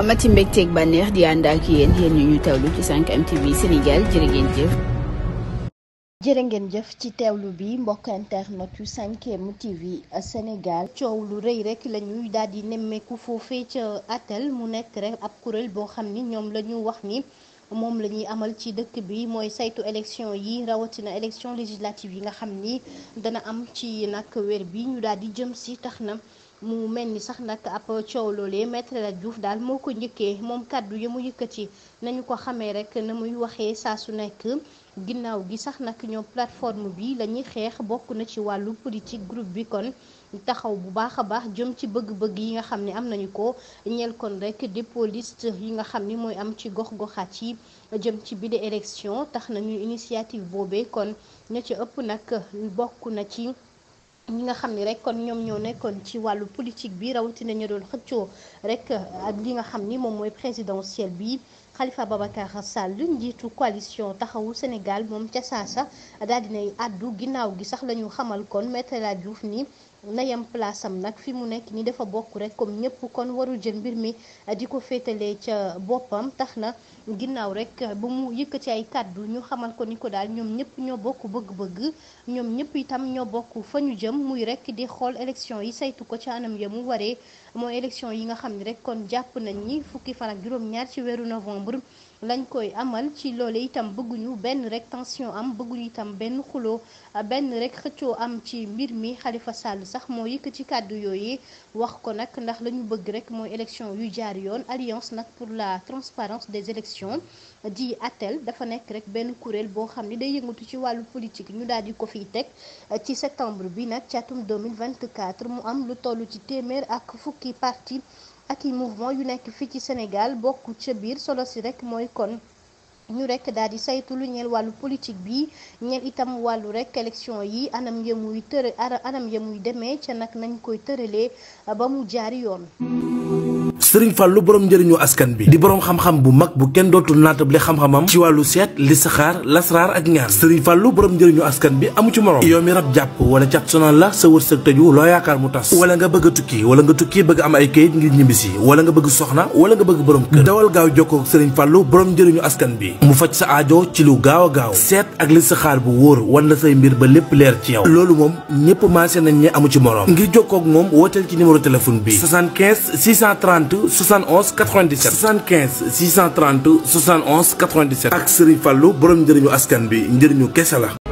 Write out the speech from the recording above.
amati mbégteeg bànneex di ànd ak yéen yéen ñu ñu teewlu ci 5M TV Sénégal jërë ngeen jëf. ci teewlu bi mbokk internet yu 5M TV Sénégal coow lu rëy rek lañuy ñuy daal di nemmeeku foofee ca atel mu nekk rek ab kuréel boo xam ni ñoom la ñu wax ni moom la ñuy amal ci dëkk bi mooy saytu élection yi rawatina élection législative yi nga xam ni dana am ci nag weer bi ñu daal di jëm si tax na. mu mel ni sax nag ab coow loolee maître El Hadj daal moo ko njëkkee moom kàddu yi mu yëkkati nañu ko xamee rek na muy waxee saa su nekk ginnaaw gi sax nag ñoo plateforme bi lañuy xeex bokk na ci wàllu politique groupe bi kon taxaw bu baax a baax jëm ci bëgg-bëgg yi nga xam ne am nañu ko ñeel kon rek dépôt liste yi nga xam ni mooy am ci gox-goxaat yi jëm ci bi de élection tax nañu initiative boobee kon ña ci ëpp nag bokk na ci. ñi nga xam ni rek kon ñoom ñoo nekkoon ci wàllu politique bi rawatina ñu doon xëccoo rek ak li nga xam ni moom mooy présidentielle bi Khalifa Babacar Sall njiitu coalition taxawu Sénégal moom ca saa saasa daal dinay àddu ginnaaw gi sax la ñu xamal kon Maître El Hadji ni na yem place am nag fi mu nekk ni dafa bokk rek comme ñëpp kon warul jël mbir mi di ko féetalee ca boppam tax na ginnaaw rek ba mu yëkkati ay kàddu ñu xamal ko ni ko daal ñoom ñëpp ñoo bokk bëgg-bëgg ñoom ñëpp itam ñoo bokk fa ñu jëm muy rek di xool élection yi saytu ko ca anam ya mu waree mooy élection yi nga xam ne rek kon jàpp nañ ni fukki fan ak juróom-ñaar ci weeru novembre. décembre lañ koy amal ci loole itam bëgguñu benn rek tension am bëgguñu itam benn xuloo benn rek xëccoo am ci mbir mi Khalifa Sall sax moo ci kàddu yooyu wax ko nag ndax la ñu bëgg rek mooy élection yu jaar yoon alliance nag pour la transparence des élections di ATEL dafa nekk rek benn kuréel boo xam ne day yëngatu ci wàllu politique ñu daal di ko fiy teg ci septembre bi nag catum 2024 mu am lu tollu ci téeméer ak fukki parti ak i mouvement yu nekk fii ci Sénégal bokk ca biir solo si rek mooy kon ñu rekk daal di saytu lu ñeel wàllu politique bi ñeel itam wàllu rek élection yi anam ya muy tëre anam ya muy demee ca nag nañ koy tëralee ba mu jaari yoon. sëriñ Fallou borom njëriñu askan bi di borom xam-xam bu mag bu kenn dootul naatable xam-xamam ci wàllu seet listixaar lasraar ak ñaan sëriñ Fallou borom njëriñu askan bi amu ci morom yow mi rab jàpp wala cat sonal la sa wërsëg tëju loo yaakaar mu tas wala nga bëgg a wala nga tukki bëgg am ay kayit ngir ñibbisi wala nga bëgg soxna wala nga bëgg borom kër dawal gaaw jokkoo sëriñ Fallou borom njëriñu askan bi mu faj sa aajo ci lu gaaw a gaaw seet ak listixaar bu wóor wan say mbir ba lépp leer ci yow loolu moom ñëpp maase nañ ñi amu ci morom ngir jokkoo moom wooteel ci numéro téléphone bi 630 71 97. 75 630 71 97. ak Serigne fallu borom njëriñu askan bi njëriñu kese la.